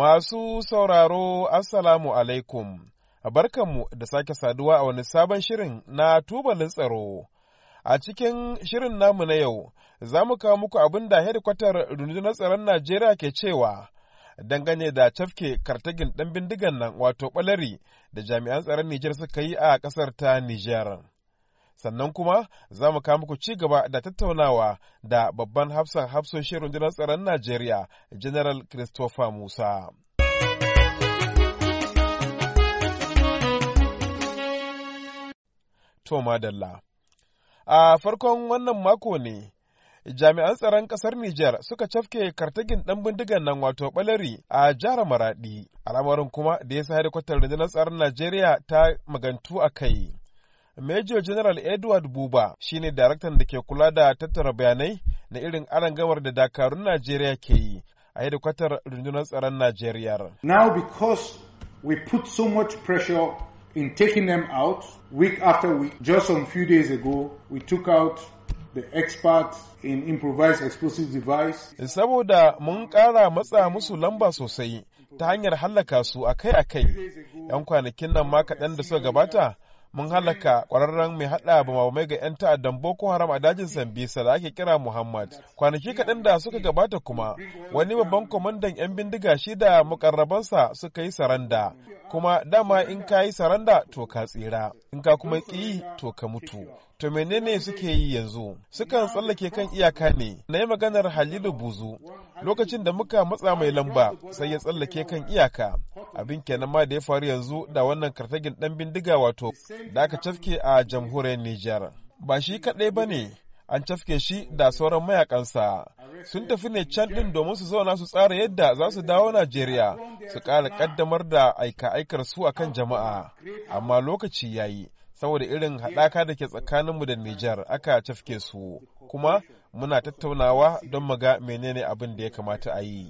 Masu sauraro Assalamu alaikum, barkanmu da sake saduwa a wani sabon shirin na tubalin tsaro. A cikin shirin namu na yau, za mu kawo muku abin da hedikwatar rundunar tsaron Najeriya ke cewa dangane da cafke kartagin ɗan bindigan nan wato ɓalari da jami'an tsaron Nijar suka yi a ƙasar ta Nijar. sannan kuma za mu kama ku ci gaba da tattaunawa da babban hafsan hafsoshin rundunar tsaron Najeriya, General Christopher Musa. Toma Dalla A farkon wannan mako ne, jami'an tsaron ƙasar Nijar suka cafke kartagin ɗan bindigan nan wato ɓalari a jihar Maraɗi, al'amarin kuma da ya sa rundunar tsaron Najeriya ta magantu a kai. Major General Edward Buba shine daraktan da ke kula da tattara bayanai na irin arangawar da dakarun Najeriya ke yi a hedikwatar rundunar tsaron Najeriya. Now because we put so much pressure in taking them out week after week, just some few days ago we took out the expert in improvised explosive device. Saboda mun ƙara matsa musu lamba sosai ta hanyar hallaka su akai-akai, 'yan kwanakin nan ma kaɗan da suka gabata mun halaka kwararren mai hada bamamai ga 'yan ta'addan boko haram a dajin sambisa da ake kira muhammad kwanaki kaɗan da suka gabata kuma wani babban kwamandan 'yan bindiga shi da mukarrabansa suka yi saranda kuma dama in ka yi saranda to ka tsira in ka kuma ƙi to ka mutu To menene suke yi yanzu? Sukan tsallake kan iyaka ne. Na yi maganar Halilu Buzu lokacin da muka matsa mai lamba sai ya tsallake kan iyaka. Abin kenan ma da ya faru yanzu da wannan kartagin ɗan bindiga wato da aka cafke a jamhuriyar Nijar. Ba shi kaɗai ba ne, an cafke shi da sauran mayakansa sun tafi ne can ɗin domin su zauna su tsara yadda za su dawo najeriya su ƙara ƙaddamar da aika-aikar su akan jama'a amma lokaci ya yi saboda irin haɗaka da ke tsakaninmu da nijar aka cafke su kuma muna tattaunawa don mu ga menene abin da ya kamata a yi.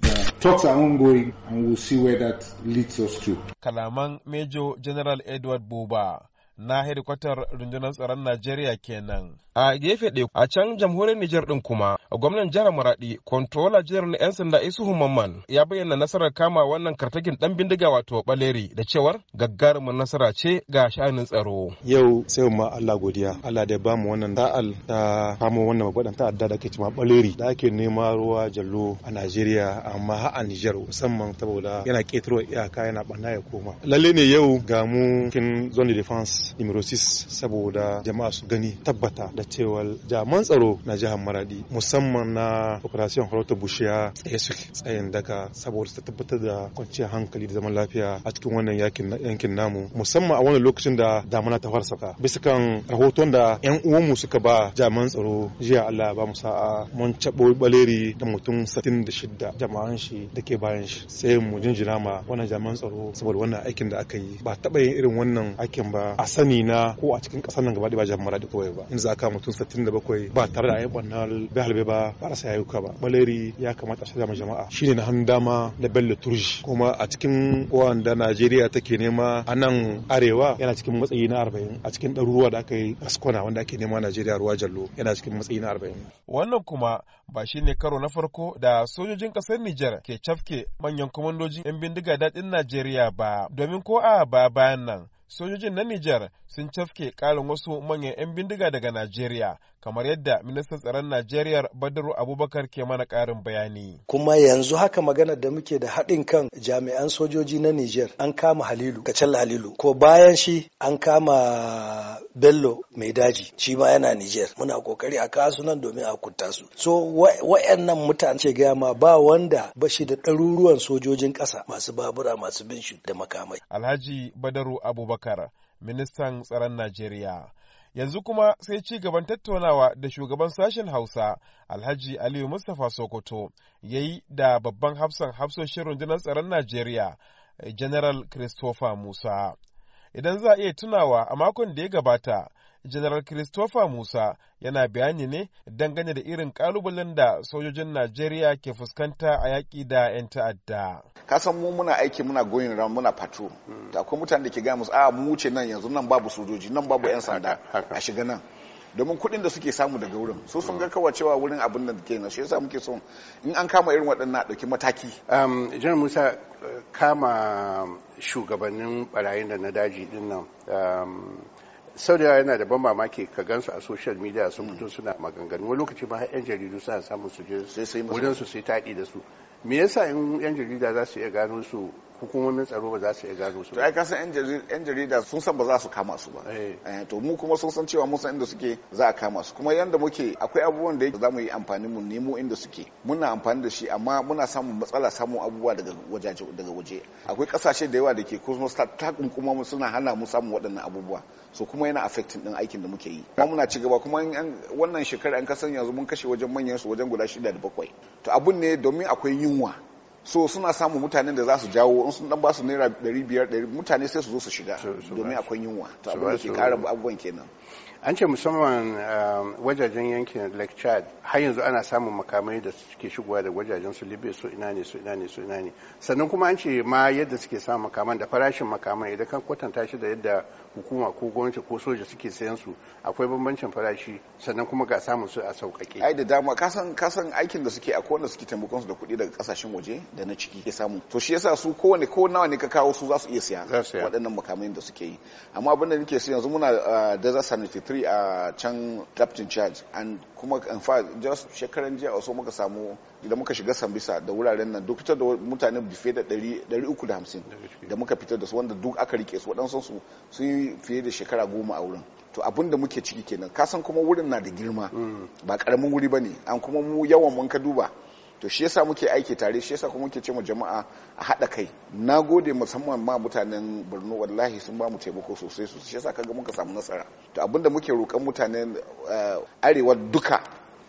Kalaman Major General Edward Buba na hedikwatar rundunar tsaron Najeriya kenan. A gefe ɗaya a can jamhuriyar Nijar ɗin kuma gwamnan jihar Maradi kontrola jihar na 'yan sanda isu Mamman ya bayyana nasarar kama wannan kartakin ɗan bindiga wato Baleri da cewar gaggarumin nasara ce ga sha'anin tsaro. Yau sai ma Allah godiya Allah da ba mu wannan da'al ta kama wannan babban ta'adda da ake cewa Baleri da ake nema ruwa jallo a Najeriya amma har a Nijar musamman saboda yana ƙetaro iyaka yana ɓanna ya koma. Lalle ne yau ga mu kin zone defense numero saboda jama'a su gani tabbata da cewa jaman tsaro na jihar maradi musamman na operation farautar bushiya tsaye su tsayin daga saboda ta tabbatar da kwanciyar hankali da zaman lafiya a cikin wannan yankin namu musamman a wannan lokacin da damana ta fara sauka bisa kan rahoton da yan uwanmu suka ba jaman tsaro jiya Allah ba mu sa'a mun cabo baleri da mutum 66 jama'an shi da ke bayan shi sai mu jinjina ma wannan jaman tsaro saboda wannan aikin da aka yi ba taɓa yin irin wannan aikin ba a sani na ko a cikin kasar nan gaba ba jama'a da kawai ba in za ka mutum 67 ba tare da ayi bannal bai ba ba rasa ka ba maleri ya kamata a ma jama'a shine na hannun dama na bello turji kuma a cikin wanda najeriya take nema a nan arewa yana cikin matsayi na 40 a cikin ɗaruruwa da aka yi askona wanda ake nema najeriya ruwa jallo yana cikin matsayi na 40 wannan kuma ba shine karo na farko da sojojin kasar Nijar ke cafke manyan kwamandojin 'yan bindiga daɗin Najeriya ba domin ko a ba bayan nan sojojin na Nijar sun cafke ƙarin wasu manyan 'yan bindiga daga Najeriya kamar yadda ministan tsaron Najeriya Badaru Abubakar ke mana ƙarin bayani. Kuma yanzu haka magana da muke da haɗin kan jami'an sojoji na Nijar an kama Halilu, kacal Halilu, ko bayan shi an kama Bello mai daji shi ma yana Nijar. Muna kokari a kasu nan domin a kunta su. So wa'yannan mutane ce gaya ma ba wanda ba shi da ɗaruruwan sojojin ƙasa masu babura masu bin shi da makamai. Alhaji Badaru Abubakar ministan tsaron Najeriya. Yanzu kuma sai ci gaban tattaunawa da shugaban sashen Hausa Alhaji Aliyu Mustapha Sokoto ya yi da babban hafsan hafsoshin rundunar tsaron Najeriya General Christopher Musa. Idan za a iya tunawa a makon da ya gabata General Christopher Musa yana bayani ne dangane da irin kalubalen da sojojin Najeriya ke fuskanta a yaƙi da 'yan ta'adda. Ka san mu muna aiki muna goyin ran muna fatu Da akwai mutane da ke gaya musu a ah, mu wuce nan yanzu nan babu sojoji nan babu 'yan sanda a shiga nan. domin kuɗin da suke samu daga wurin su sun ga kawai cewa wurin abin da ke shi yasa muke son in an kama irin waɗannan a ɗauki mataki. jan um, musa kama shugabannin ɓarayin da na daji ɗin nan um, sau da yana da ban mamaki ka gansu a social media sun fito suna maganganu wani lokaci ba yan jaridu suna samun su je wurin su sai taɗi da su me ya sa yan jarida za su iya gano su hukumomin tsaro ba za su iya gano su to ai kasan yan jarida sun san ba za su kama su ba eh. Eh, to mu kuma sun san cewa mun san inda suke za a kama su kuma yanda muke akwai abubuwan da za mu yi amfani mu nemo inda suke muna amfani da shi amma muna samun matsala samun abubuwa daga wajaje daga waje akwai kasashe da yawa da ke kuma ta kuma suna hana mu samun waɗannan abubuwa so kuma yana affecting din aikin da muke yi kuma muna ci gaba kuma wannan shekara an kasan yanzu mun kashe wajen manyan su wajen guda shida da bakwai to abun ne domin akwai yunwa so suna samun mutanen da za su jawo in sun dan ba su naira 500 mutane sai su zo su shiga domin akwai yunwa to abin ke kara abubuwan kenan an ce musamman um, wajajen yankin lake chad har yanzu ana samun makamai da suke shigowa da wajajen su libya su ina ne su ina ne su ina ne sannan kuma an ce ma yadda suke samun makaman da farashin makaman idan kan kwatanta shi da yadda hukuma ko gwamnati ko soja suke sayan su akwai bambancin farashi sannan kuma ga samun su a sauƙaƙe ai da dama kasan kasan aikin da suke akwai wanda suke taimakon su da kuɗi daga kasashen waje da na ciki ya samu to shi yasa su kowane ko nawa ne ka kawo su za su iya siya waɗannan makamai da suke yi amma abin da nake so yanzu muna uh, da za sanitation a uh, can captain charge and kuma in fact just shekaran jiya wasu muka samu idan muka shiga sambisa da wuraren nan duk fitar da mutane bife da 350 da muka fitar da su wanda duk aka rike su waɗansu su sun yi fiye da shekara goma a wurin to abin da muke ciki kenan kasan kuma wurin na da girma mm. ba ƙaramin wuri ba ne an kuma mu yawan mun ka duba to shi yasa muke aiki tare shi yasa kuma muke ce mu jama'a a haɗa kai na gode musamman ma mutanen borno wallahi sun ba mu taimako sosai sosai shi yasa kaga muka samu nasara to abinda muke roƙon mutanen eh, arewa duka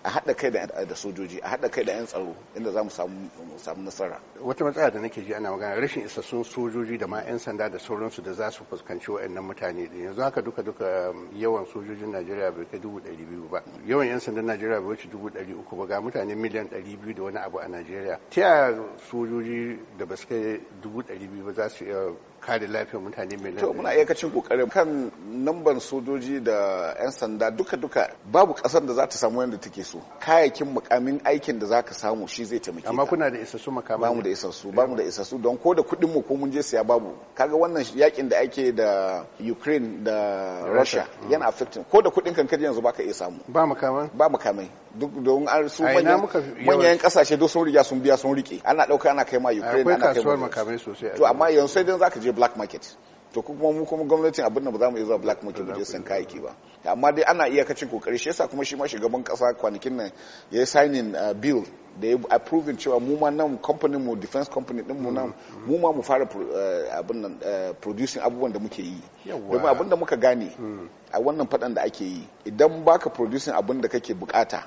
a haɗa kai da sojoji a haɗa kai da 'yan tsaro inda za mu samu nasara wata matsala da nake ji ana magana rashin isassun sojoji da ma 'yan sanda da sauransu da za su fuskanci waɗannan mutane da yanzu haka duka duka um, yawan sojojin najeriya bai kai dubu ɗari biyu ba yawan 'yan sandan najeriya bai wuce dubu ɗari uku ba ga mutane miliyan ɗari biyu da wani abu a najeriya ta sojoji da ba su kai dubu ɗari biyu ba za su iya kare lafiyar mutane mai lafiya. muna iyakacin kokarin kan namban sojoji da 'yan sanda duka-duka babu kasar da za ta samu yadda take so kayakin mukamin aikin da za ka samu shi zai taimake amma kuna da isassu makamai bamu da isassu bamu da isassu don ko da kuɗin mu ko mun je siya babu kaga wannan yakin da ake da Ukraine da Russia mm. yana affecting ko da kuɗin kan kaje yanzu baka iya samu ba makamai ba makamai duk don an su manyan kasashe duk sun riga sun biya sun rike ana dauka ana kai ma Ukraine ana kai ma makamai sosai to amma yanzu sai dan zaka je je black market to kuma mu kuma gwamnatin abin da ba za mu iya zuwa black market mu je san kayayyaki ba amma dai ana iya iyakacin kokari shi yasa kuma shi ma shugaban kasa kwanakin nan ya yi signing uh, bill da ya approving cewa mu ma nan company mu defense company din mu nan mm-hmm. mu ma mu fara uh, abin nan uh, producing abubuwan da muke yi domin abin da muka gane mm. a wannan fadan da ake yi idan baka producing abin da kake bukata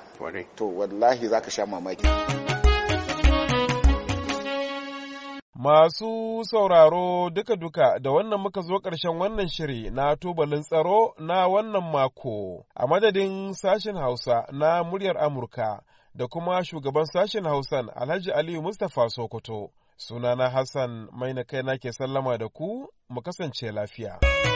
to wallahi zaka sha mamaki Masu sauraro duka-duka da wannan muka zo ƙarshen wannan shiri na tubalin tsaro na wannan mako, a madadin sashen Hausa na muryar Amurka da kuma shugaban sashen Hausan Alhaji Aliyu Mustapha Sokoto, sunana Hassan mai na kai na ke sallama da ku, mu kasance lafiya.